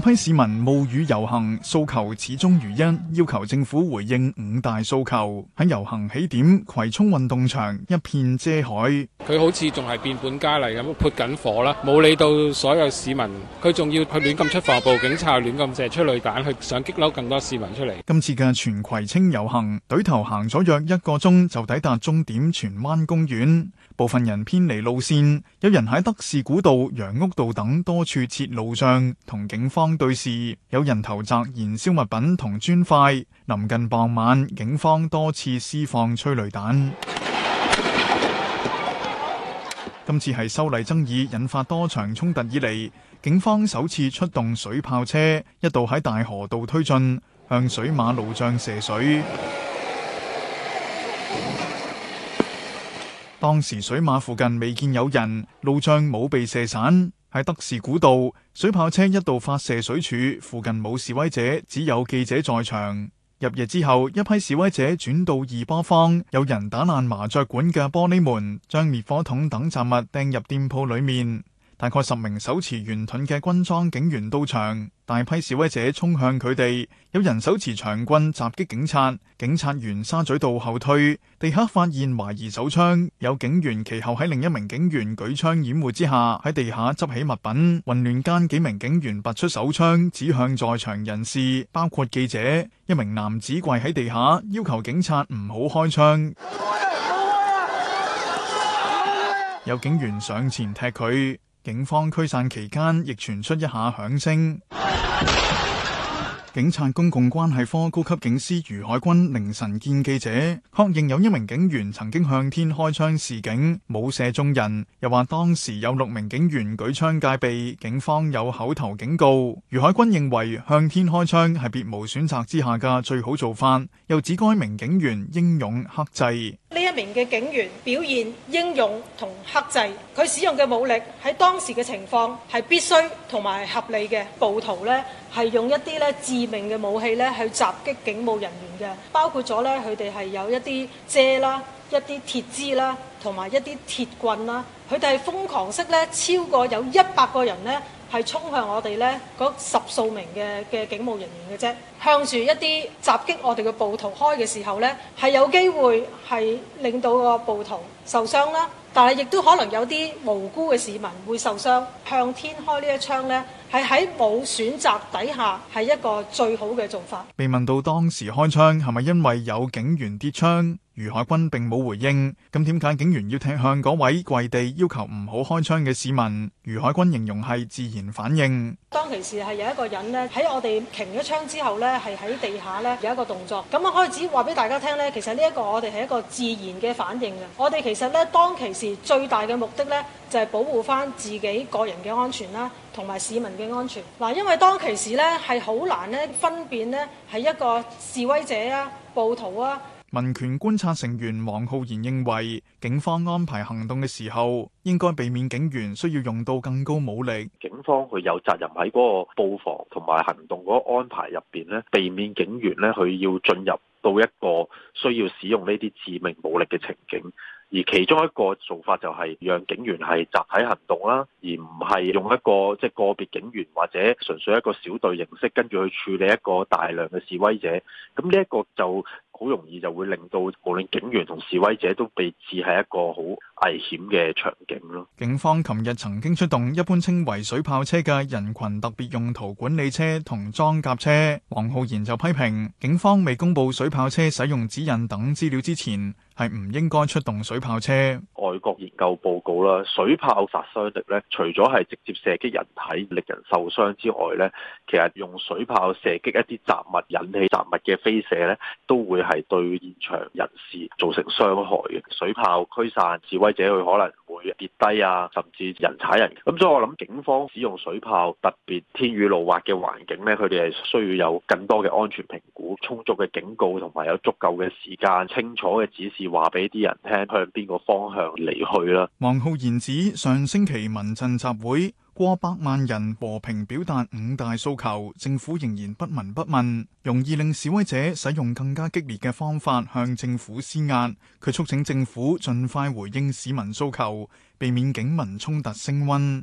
批市民冒雨遊行，訴求始終如一，要求政府回應五大訴求。喺遊行起點葵涌運動場，一片遮海。佢好似仲係變本加厲咁潑緊火啦，冇理到所有市民，佢仲要去亂咁出防暴警察，亂咁射出淚彈，去想激嬲更多市民出嚟。今次嘅荃葵青遊行，隊頭行咗約一個鐘，就抵達終點荃灣公園。部分人偏離路線，有人喺德士古道、楊屋道等多處設路障，同警方對峙，有人投擲燃燒物品同磚塊，臨近傍晚，警方多次施放催淚彈。 今次係修例爭議引發多場衝突以嚟，警方首次出動水炮車，一度喺大河道推進，向水馬路障射水。當時水馬附近未見有人，路障冇被射散，喺德士古道，水炮車一度發射水柱，附近冇示威者，只有記者在場。入夜之後，一批示威者轉到二陂坊，有人打爛麻雀館嘅玻璃門，將滅火筒等雜物掟入店鋪裏面。大概十名手持圓盾嘅軍裝警員到場，大批示威者衝向佢哋，有人手持長棍襲擊警察，警察沿沙咀道後退，地下發現懷疑手槍，有警員其後喺另一名警員舉槍掩護之下喺地下執起物品，混亂間幾名警員拔出手槍指向在場人士，包括記者，一名男子跪喺地下要求警察唔好開槍，有警員上前踢佢。警方驅散期間，亦傳出一下響聲。 警察公共關係科高級警司余海君凌晨見記者，確認有一名警員曾經向天開槍示警，冇射中人。又話當時有六名警員舉槍戒備，警方有口頭警告。余海君認為向天開槍係別無選擇之下嘅最好做法，又指該名警員英勇克制。 嘅警員表現英勇同克制，佢使用嘅武力喺當時嘅情況係必須同埋合理嘅。暴徒呢係用一啲咧致命嘅武器咧去襲擊警務人員嘅，包括咗咧佢哋係有一啲遮啦、一啲鐵枝啦同埋一啲鐵棍啦。佢哋係瘋狂式咧，超過有一百個人呢係衝向我哋呢嗰十數名嘅嘅警務人員嘅啫，向住一啲襲擊我哋嘅暴徒開嘅時候呢係有機會。係令到個暴徒受傷啦，但係亦都可能有啲無辜嘅市民會受傷。向天開呢一槍咧，係喺冇選擇底下，係一個最好嘅做法。被問到當時開槍係咪因為有警員跌槍，余海軍並冇回應。咁點解警員要踢向嗰位跪地要求唔好開槍嘅市民？余海軍形容係自然反應。當其時係有一個人咧，喺我哋擎咗槍之後咧，係喺地下咧有一個動作。咁我開始話俾大家聽咧，其實呢一個我哋係一個。自然嘅反應嘅，我哋其實咧當其時最大嘅目的咧就係保護返自己個人嘅安全啦，同埋市民嘅安全。嗱，因為當其時咧係好難咧分辨呢係一個示威者啊、暴徒啊。民權觀察成員黃浩然認為，警方安排行動嘅時候應該避免警員需要用到更高武力。警方佢有責任喺嗰個布防同埋行動嗰個安排入邊呢，避免警員呢，佢要進入。到一個需要使用呢啲致命武力嘅情景，而其中一個做法就係讓警員係集體行動啦，而唔係用一個即係個別警員或者純粹一個小隊形式跟住去處理一個大量嘅示威者。咁呢一個就。好容易就會令到無論警員同示威者都被置喺一個好危險嘅場景咯。警方琴日曾經出動一般稱為水炮車嘅人群特別用途管理車同裝甲車。黃浩然就批評警方未公佈水炮車使用指引等資料之前，係唔應該出動水炮車。外國研究報告啦，水炮殺傷力咧，除咗係直接射擊人體，令人受傷之外咧，其實用水炮射擊一啲雜物，引起雜物嘅飛射咧，都會係對現場人士造成傷害嘅。水炮驅散示威者，佢可能，會跌低啊，甚至人踩人嘅。咁所以我諗警方使用水炮，特別天雨路滑嘅環境呢，佢哋係需要有更多嘅安全評估、充足嘅警告，同埋有足夠嘅時間、清楚嘅指示話俾啲人聽，向邊個方向離去啦。黃浩然指上星期民陣集會。過百萬人和平表達五大訴求，政府仍然不聞不問，容易令示威者使用更加激烈嘅方法向政府施壓。佢促請政府盡快回應市民訴求，避免警民衝突升溫。